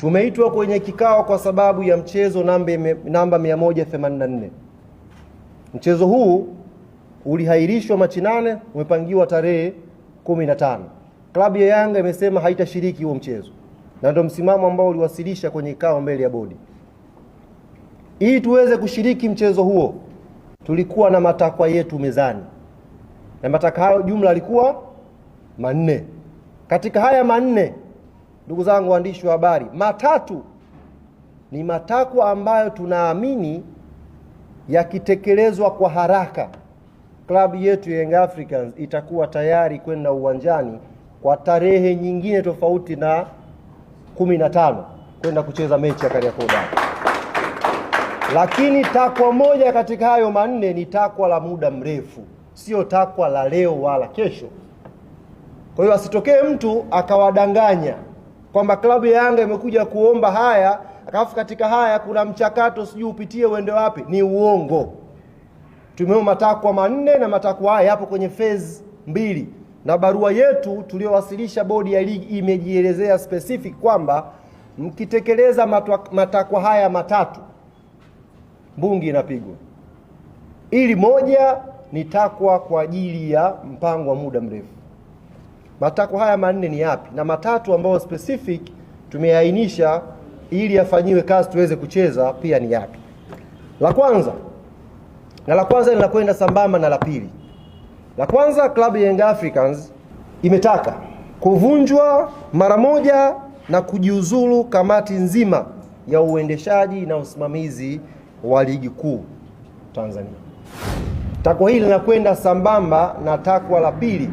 Tumeitwa kwenye kikao kwa sababu ya mchezo namba, namba 184. Mchezo huu ulihairishwa Machi nane, umepangiwa tarehe 15. Klabu ya Yanga imesema haitashiriki huo mchezo, na ndio msimamo ambao uliwasilisha kwenye kikao mbele ya bodi. Ili tuweze kushiriki mchezo huo, tulikuwa na matakwa yetu mezani, na matakwa hayo jumla alikuwa manne. Katika haya manne ndugu zangu waandishi wa habari, matatu ni matakwa ambayo tunaamini yakitekelezwa kwa haraka, klabu yetu Young Africans itakuwa tayari kwenda uwanjani kwa tarehe nyingine tofauti na 15 kwenda kucheza mechi ya Kariakoo Derby. Lakini takwa moja katika hayo manne ni takwa la muda mrefu, sio takwa la leo wala kesho. Kwa hiyo asitokee mtu akawadanganya kwamba klabu ya Yanga imekuja kuomba haya, alafu katika haya kuna mchakato sijui upitie uende wapi, ni uongo. Tumeo matakwa manne na matakwa haya yapo kwenye phase mbili, na barua yetu tuliyowasilisha bodi ya ligi imejielezea specific kwamba mkitekeleza matakwa haya matatu mbungi inapigwa, ili moja ni takwa kwa ajili ya mpango wa muda mrefu Matakwa haya manne ni yapi, na matatu ambayo specific tumeainisha ili yafanyiwe kazi tuweze kucheza pia ni yapi? La kwanza na la kwanza linakwenda sambamba na la pili. La kwanza, klabu ya Young Africans imetaka kuvunjwa mara moja na kujiuzulu kamati nzima ya uendeshaji na usimamizi wa ligi kuu Tanzania. Takwa hili linakwenda sambamba na takwa la pili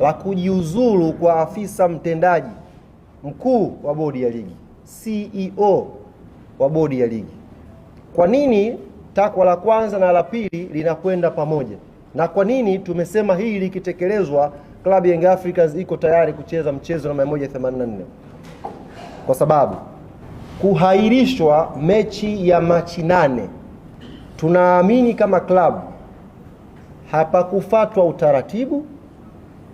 la kujiuzulu kwa afisa mtendaji mkuu wa bodi ya ligi CEO wa bodi ya ligi. Kwa nini takwa la kwanza na la pili linakwenda pamoja, na kwa nini tumesema hili likitekelezwa klabu ya Young Africans iko tayari kucheza mchezo na 184? Kwa sababu kuhairishwa mechi ya Machi nane, tunaamini kama klabu hapakufuatwa utaratibu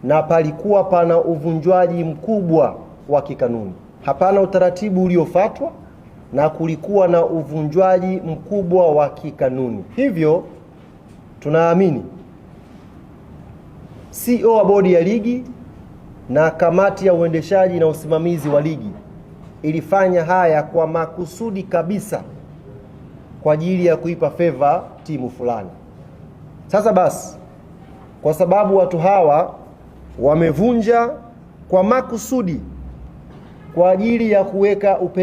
na palikuwa pana uvunjwaji mkubwa wa kikanuni, hapana utaratibu uliofatwa na kulikuwa na uvunjwaji mkubwa wa kikanuni. Hivyo tunaamini CEO wa bodi ya ligi na kamati ya uendeshaji na usimamizi wa ligi ilifanya haya kwa makusudi kabisa kwa ajili ya kuipa feva timu fulani. Sasa basi, kwa sababu watu hawa wamevunja kwa makusudi kwa ajili ya kuweka upendo